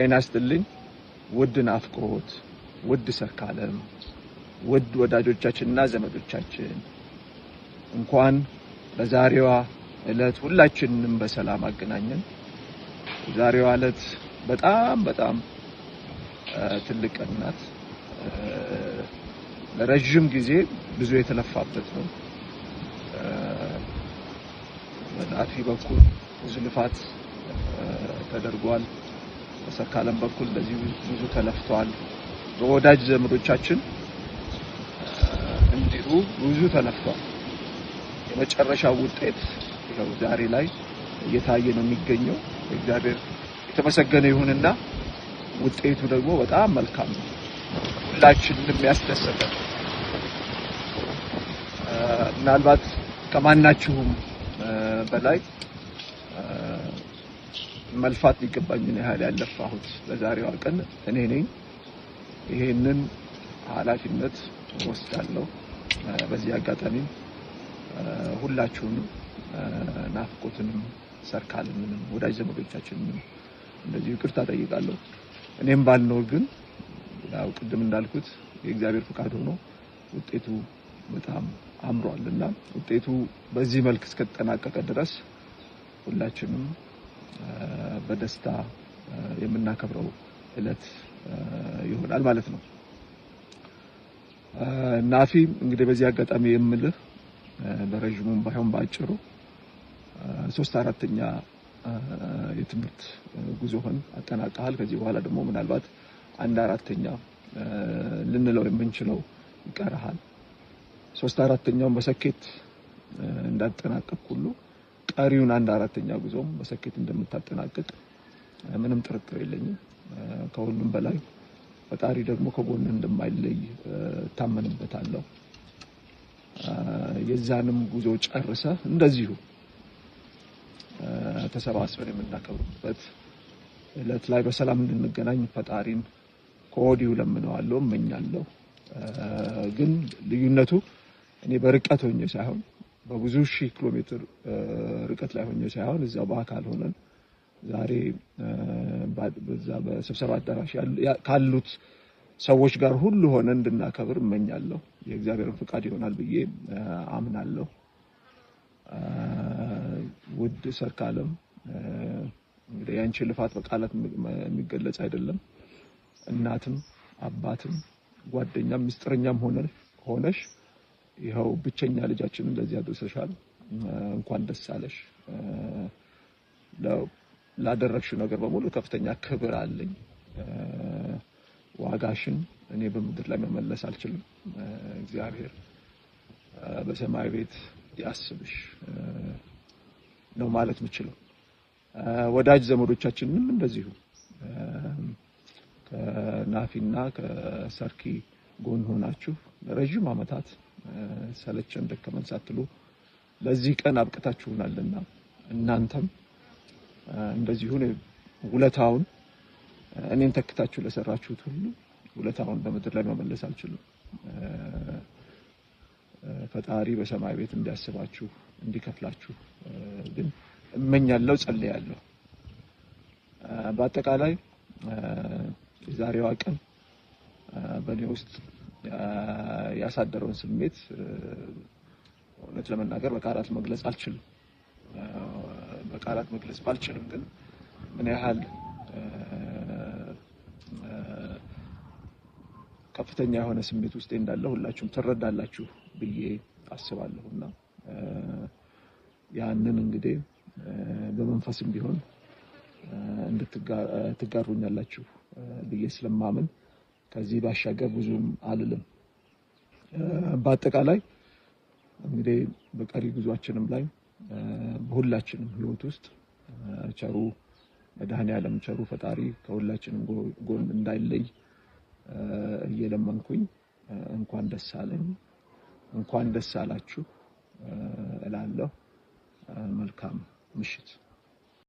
ጤና ይስጥልኝ። ውድ ናፍቆት፣ ውድ ሰርካለም፣ ውድ ወዳጆቻችንና ዘመዶቻችን እንኳን በዛሬዋ ዕለት ሁላችንንም በሰላም አገናኘን። ዛሬዋ ዕለት በጣም በጣም ትልቅ ቀን ናት። ለረዥም ጊዜ ብዙ የተለፋበት ነው። በአትፊ በኩል ብዙ ልፋት ተደርጓል። በሰካለም በኩል በዚህ ብዙ ተለፍተዋል። ወዳጅ ዘመዶቻችን እንዲሁ ብዙ ተለፍተዋል። የመጨረሻው ውጤት ይኸው ዛሬ ላይ እየታየ ነው የሚገኘው። እግዚአብሔር የተመሰገነ ይሁንና ውጤቱ ደግሞ በጣም መልካም ነው። ሁላችንም የሚያስደሰተ ምናልባት ከማናችሁም በላይ መልፋት ሊገባኝን ያህል ያለፋሁት በዛሬዋ ቀን እኔ ነኝ። ይሄንን ኃላፊነት ወስዳለሁ። በዚህ አጋጣሚ ሁላችሁንም ናፍቆትንም፣ ሰርካልምንም፣ ወዳጅ ዘመዶቻችንም እንደዚሁ ይቅርታ ጠይቃለሁ። እኔም ባልኖር ግን ያው ቅድም እንዳልኩት የእግዚአብሔር ፍቃድ ሆኖ ውጤቱ በጣም አምሯል እና ውጤቱ በዚህ መልክ እስከተጠናቀቀ ድረስ ሁላችንም በደስታ የምናከብረው እለት ይሆናል ማለት ነው። ናፊ እንግዲህ በዚህ አጋጣሚ የምልህ በረዥሙም ባይሆን በአጭሩ ሶስት አራተኛ የትምህርት ጉዞህን አጠናቀሃል። ከዚህ በኋላ ደግሞ ምናልባት አንድ አራተኛ ልንለው የምንችለው ይቀርሃል። ሶስት አራተኛውን በስኬት እንዳጠናቀቅ ሁሉ ቀሪውን አንድ አራተኛ ጉዞም በስኬት እንደምታጠናቅቅ ምንም ጥርጥር የለኝም። ከሁሉም በላይ ፈጣሪ ደግሞ ከጎን እንደማይለይ እታመንበታለሁ። የዛንም ጉዞ ጨርሰ እንደዚሁ ተሰባስበን የምናከብርበት እለት ላይ በሰላም እንድንገናኝ ፈጣሪን ከወዲሁ ለምነዋለሁ፣ እመኛለሁ። ግን ልዩነቱ እኔ በርቀት ሆኜ ሳይሆን በብዙ ሺህ ኪሎ ሜትር ርቀት ላይ ሆኜ ሳይሆን እዛ በአካል ሆነን ዛሬ በዛ በስብሰባ አዳራሽ ካሉት ሰዎች ጋር ሁሉ ሆነ እንድናከብር እመኛለሁ። የእግዚአብሔርን ፍቃድ ይሆናል ብዬ አምናለሁ። ውድ ሰርካለም እንግዲህ ያንቺን ልፋት በቃላት የሚገለጽ አይደለም። እናትም አባትም ጓደኛም ምስጢረኛም ሆነሽ ይኸው ብቸኛ ልጃችን እንደዚህ አድርሰሻል፣ እንኳን ደስ አለሽ። ላደረግሽው ነገር በሙሉ ከፍተኛ ክብር አለኝ። ዋጋሽን እኔ በምድር ላይ መመለስ አልችልም። እግዚአብሔር በሰማይ ቤት ያስብሽ ነው ማለት የምችለው። ወዳጅ ዘመዶቻችንንም እንደዚሁ ከናፊና ከሰርኪ ጎን ሆናችሁ ለረዥም ዓመታት ሰለቸን ደከመን ሳትሉ ለዚህ ቀን አብቅታችሁናልና እናንተም እንደዚሁ ውለታውን እኔን ተክታችሁ ለሰራችሁት ሁሉ ውለታውን በምድር ላይ መመለስ አልችልም። ፈጣሪ በሰማይ ቤት እንዲያስባችሁ እንዲከፍላችሁ ግን እመኛለሁ፣ ጸልያለሁ። በአጠቃላይ የዛሬዋ ቀን በእኔ ውስጥ ያሳደረውን ስሜት እውነት ለመናገር በቃላት መግለጽ አልችልም። በቃላት መግለጽ ባልችልም ግን ምን ያህል ከፍተኛ የሆነ ስሜት ውስጤ እንዳለ ሁላችሁም ትረዳላችሁ ብዬ አስባለሁ እና ያንን እንግዲህ በመንፈስም ቢሆን እንድትጋሩኛላችሁ ብዬ ስለማምን ከዚህ ባሻገር ብዙም አልልም። በአጠቃላይ እንግዲህ በቀሪ ጉዟችንም ላይ በሁላችንም ህይወት ውስጥ ቸሩ መድኃኔዓለም ቸሩ ፈጣሪ ከሁላችንም ጎን እንዳይለይ እየለመንኩኝ እንኳን ደስ አለኝ እንኳን ደስ አላችሁ እላለሁ። መልካም ምሽት።